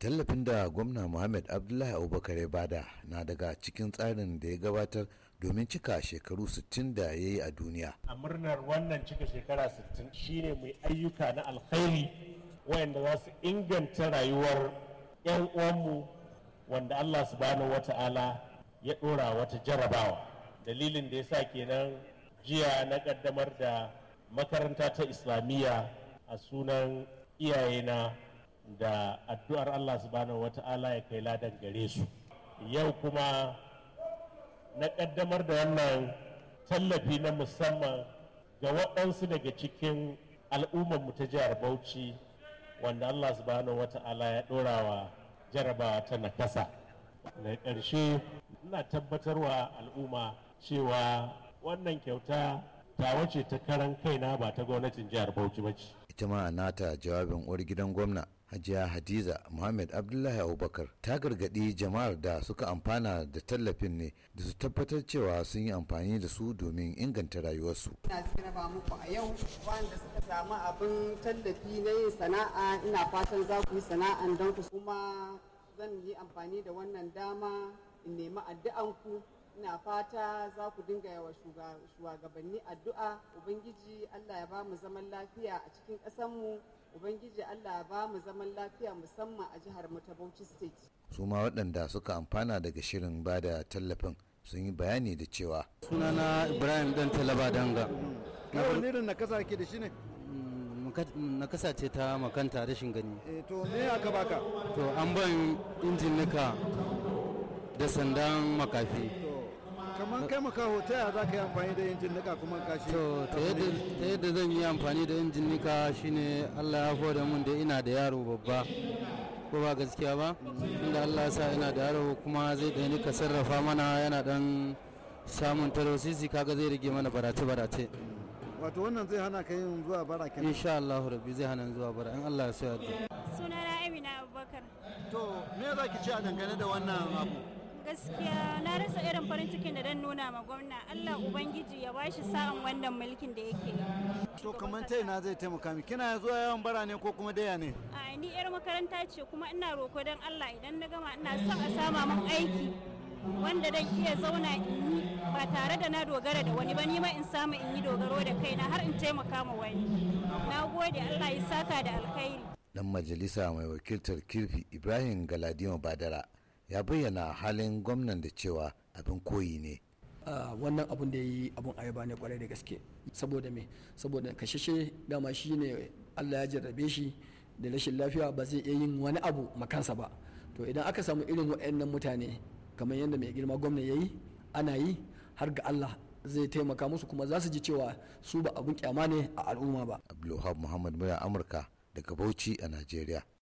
tallafin da gwamna muhammad abdullahi abubakar ya bada na daga cikin tsarin da ya gabatar domin cika shekaru 60 da ya yi a duniya a murnar wannan cika shekara 60 shine mai ayyuka na alkhairi wayanda za su inganta rayuwar 'yan uwanmu wanda allah su wata ala ya ɗora wata jarabawa dalilin da ya sa kenan jiya na ƙaddamar da makaranta ta islamiyya a sunan iyayena da addu'ar Allah subhanahu wata'ala ya kai ladan gare su yau kuma na ƙaddamar da wannan tallafi na musamman ga waɗansu daga cikin mu ta jihar Bauchi wanda Allah subhanahu wata'ala ya ɗorawa jarabawa ta nakasa na ƙarshe ina tabbatarwa al'umma cewa wannan kyauta tawa wace ta karan kaina ba ta gwamnatin jihar Bauchi ba ce. Ita ma nata jawabin uwar gidan gwamna Hajiya Hadiza Muhammad Abdullahi Abubakar ta gargaɗi jama'ar da suka amfana da tallafin ne da su tabbatar cewa sun yi amfani da su domin inganta rayuwarsu. Ina ba muku a yau wanda suka samu abin tallafi na yin sana'a ina fatan za ku yi sana'a don ku kuma zan yi amfani da wannan dama in nemi addu'anku ina fata za ku dinga yawa shugabanni addu'a ubangiji allah ya ba mu zaman lafiya a cikin ƙasanmu ubangiji allah ya ba mu zaman lafiya musamman a jihar mu ta bauchi state su ma waɗanda suka amfana daga shirin ba da tallafin sun yi bayani da cewa sunana ibrahim dan talaba danga wani irin na kasa ke da shi ne mm, na kasa ce ta makanta rashin gani eh, to me aka baka to an ban injin nika da sandan makafi kamar kai maka hotaya za ka yi amfani da injin nika kuma kashi to ta yadda zan yi amfani da injin nika shine allah ya da mun da ina da yaro babba ko ba gaskiya ba inda allah ya sa ina da yaro kuma zai da nika sarrafa mana yana dan samun taro sisi kaga zai rage mana barace barace wato wannan zai hana ka yin zuwa bara kenan insha allah rabbi zai hana zuwa bara in allah ya sa ya sunana amina abubakar to me za ki ce a dangane da wannan abu gaskiya na rasa irin farin cikin da dan nuna ma gwamna Allah ubangiji ya bashi sa'an wannan mulkin da yake to kamar ta ina zai taimaka mi kina zuwa yawan bara ne ko kuma daya ne a ni yar makaranta ce kuma ina roko dan Allah idan na gama ina son a sama min aiki wanda dan iya zauna in yi ba tare da na dogara da wani ba ni ma in samu in yi dogaro da kaina har in taimaka ma wani na gode Allah ya saka da alkhairi dan majalisa mai wakiltar kirfi Ibrahim Galadima Badara ya bayyana halin gwamnan da cewa abin koyi ne wannan abun da ya yi abun ayaba ne kwarai da gaske saboda me saboda kashashe dama shi ne allah ya jarrabe shi da rashin lafiya ba zai iya yin wani abu makansa ba to idan aka samu irin waɗannan mutane kamar yadda mai girma gwamna ya yi ana yi har ga allah zai taimaka musu kuma za su ji cewa su ba abin kyama ne a al'umma ba abdulhab muhammad murya amurka daga bauchi a najeriya